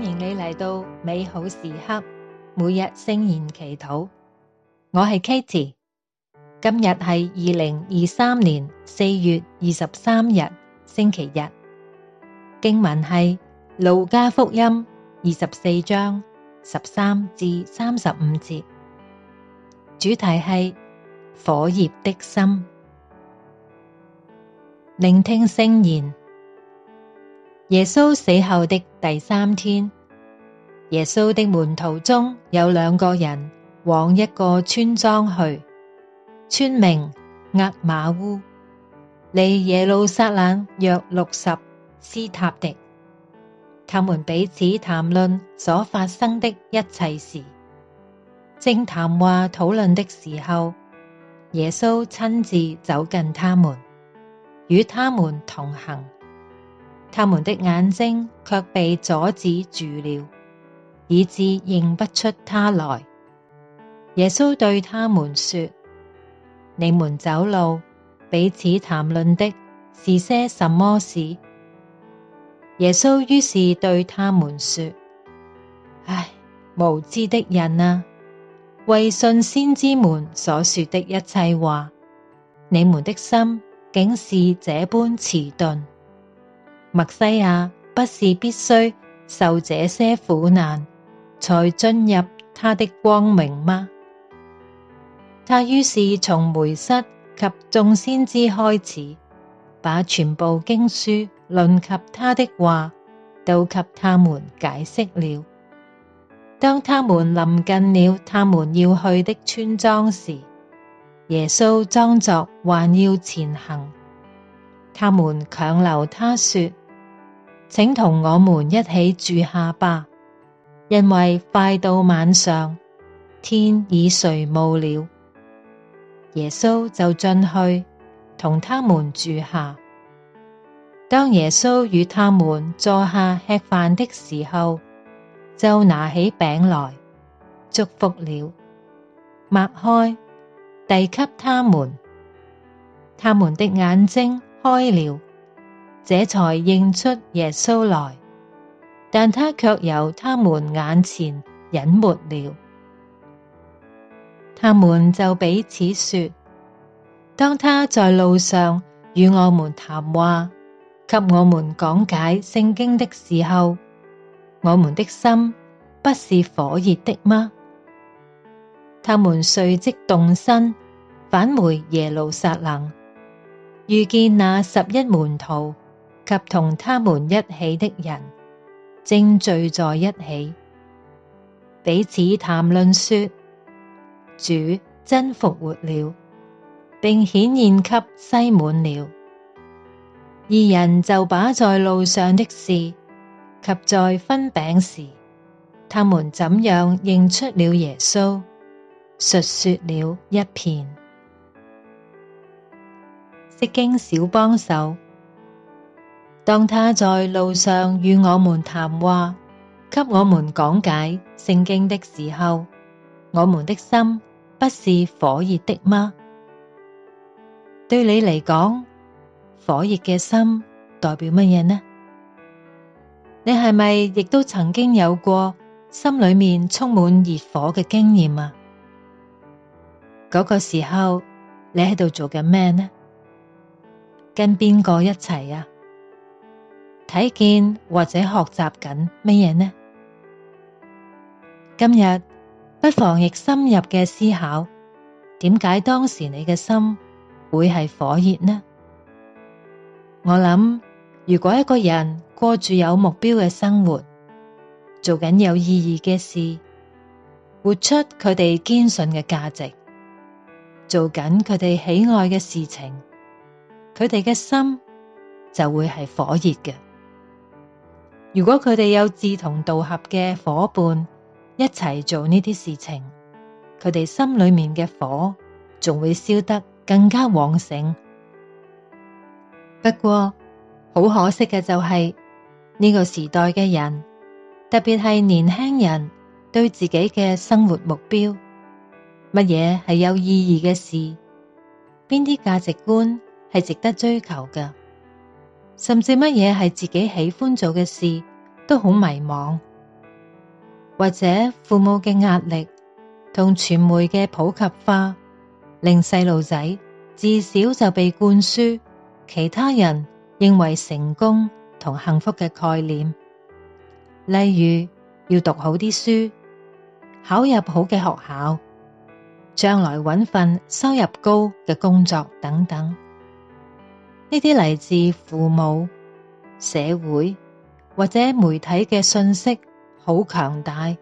歡迎你嚟到美好時刻，每日聖言祈禱。我係 Katie，今日係二零二三年四月二十三日星期日。經文係路加福音二十四章十三至三十五節，主題係火熱的心。聆聽聖言。耶穌死後的第三天，耶穌的門徒中有兩個人往一個村莊去，村名厄瑪烏，離耶路撒冷約六十斯塔狄。他們彼此談論所發生的一切事，正談話討論的時候，耶穌親自走近他們，與他們同行。他們的眼睛卻被阻止住了，以致認不出他來。耶穌對他們說：你們走路，彼此談論的是些什麼事？耶穌於是對他們說：唉，無知的人啊，為信先知們所說的一切話，你們的心竟是這般遲鈍！默西亞不是必須受這些苦難才進入他的光明嗎？他於是從梅瑟及眾先知開始，把全部經書論及他的話都給他們解釋了。當他們臨近了他們要去的村莊時，耶穌裝作還要前行，他們強留他說。請同我們一起住下吧，因為快到晚上，天已垂暮了。耶穌就進去同他們住下。當耶穌與他們坐下吃飯的時候，就拿起餅來，祝福了，擘開，遞給他們，他們的眼睛開了。這才認出耶穌來，但他卻由他們眼前隱沒了。他們就彼此說：當他在路上與我們談話，給我們講解聖經的時候，我們的心不是火熱的嗎？他們遂即動身，返回耶路撒冷，遇見那十一門徒。及同他們一起的人正聚在一起，彼此談論說：主真復活了，並顯現給西滿了。二人就把在路上的事及在分餅時他們怎樣認出了耶穌，述說了一遍。釋經小幫手。當他在路上與我們談話，給我們講解聖經的時候，我們的心不是火熱的嗎？對你嚟講，火熱嘅心代表乜嘢呢？你係咪亦都曾經有過心裏面充滿熱火嘅經驗啊？嗰個時候你喺度做緊咩呢？跟邊個一齊啊？睇見或者學習緊乜嘢呢？今日不妨亦深入嘅思考，點解當時你嘅心會係火熱呢？我諗，如果一個人過住有目標嘅生活，做緊有意義嘅事，活出佢哋堅信嘅價值，做緊佢哋喜愛嘅事情，佢哋嘅心就會係火熱嘅。如果佢哋有志同道合嘅伙伴一齊做呢啲事情，佢哋心裏面嘅火仲會燒得更加旺盛。不過好可惜嘅就係呢個時代嘅人，特別係年輕人對自己嘅生活目標，乜嘢係有意義嘅事、邊啲價值觀係值得追求嘅。甚至乜嘢係自己喜歡做嘅事都好迷惘，或者父母嘅壓力同傳媒嘅普及化，令細路仔自小至少就被灌輸其他人認為成功同幸福嘅概念，例如要讀好啲書，考入好嘅學校，將來搵份收入高嘅工作等等。呢啲嚟自父母、社會或者媒體嘅信息好強大，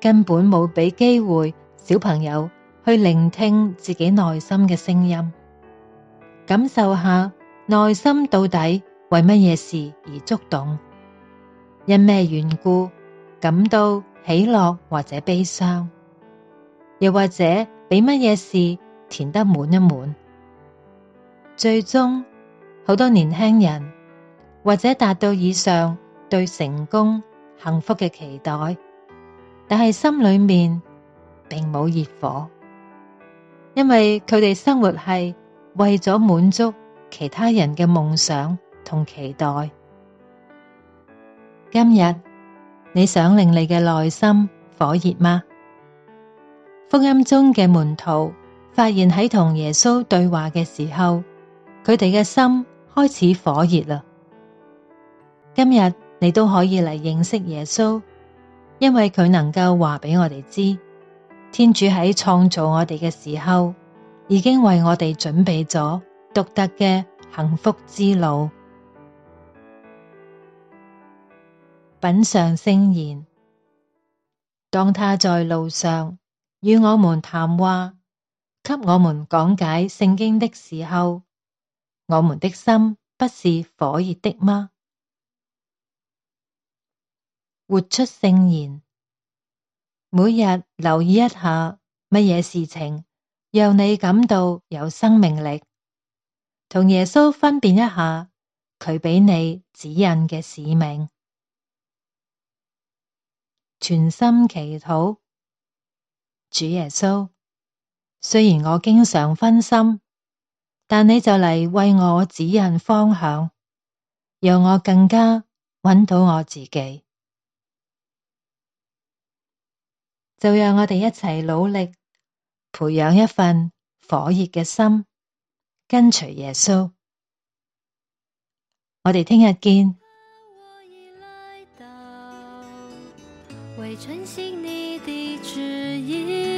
根本冇俾機會小朋友去聆聽自己內心嘅聲音，感受下內心到底為乜嘢事而觸動，因咩緣故感到喜樂或者悲傷，又或者俾乜嘢事填得滿一滿，最終。好多年輕人或者達到以上對成功幸福嘅期待，但係心裏面並冇熱火，因為佢哋生活係為咗滿足其他人嘅夢想同期待。今日你想令你嘅內心火熱嗎？福音中嘅門徒發現喺同耶穌對話嘅時候，佢哋嘅心。開始火熱啦！今日你都可以嚟認識耶穌，因為佢能夠話俾我哋知，天主喺創造我哋嘅時候，已經為我哋準備咗獨特嘅幸福之路。品嘗聖言，當他在路上與我們談話，給我們講解聖經的時候。我們的心不是火熱的嗎？活出聖言，每日留意一下乜嘢事情，讓你感到有生命力。同耶穌分辨一下，佢俾你指引嘅使命。全心祈禱，主耶穌，雖然我經常分心。但你就嚟為我指引方向，讓我更加揾到我自己。就讓我哋一齊努力培養一份火熱嘅心，跟隨耶穌。我哋聽日見。啊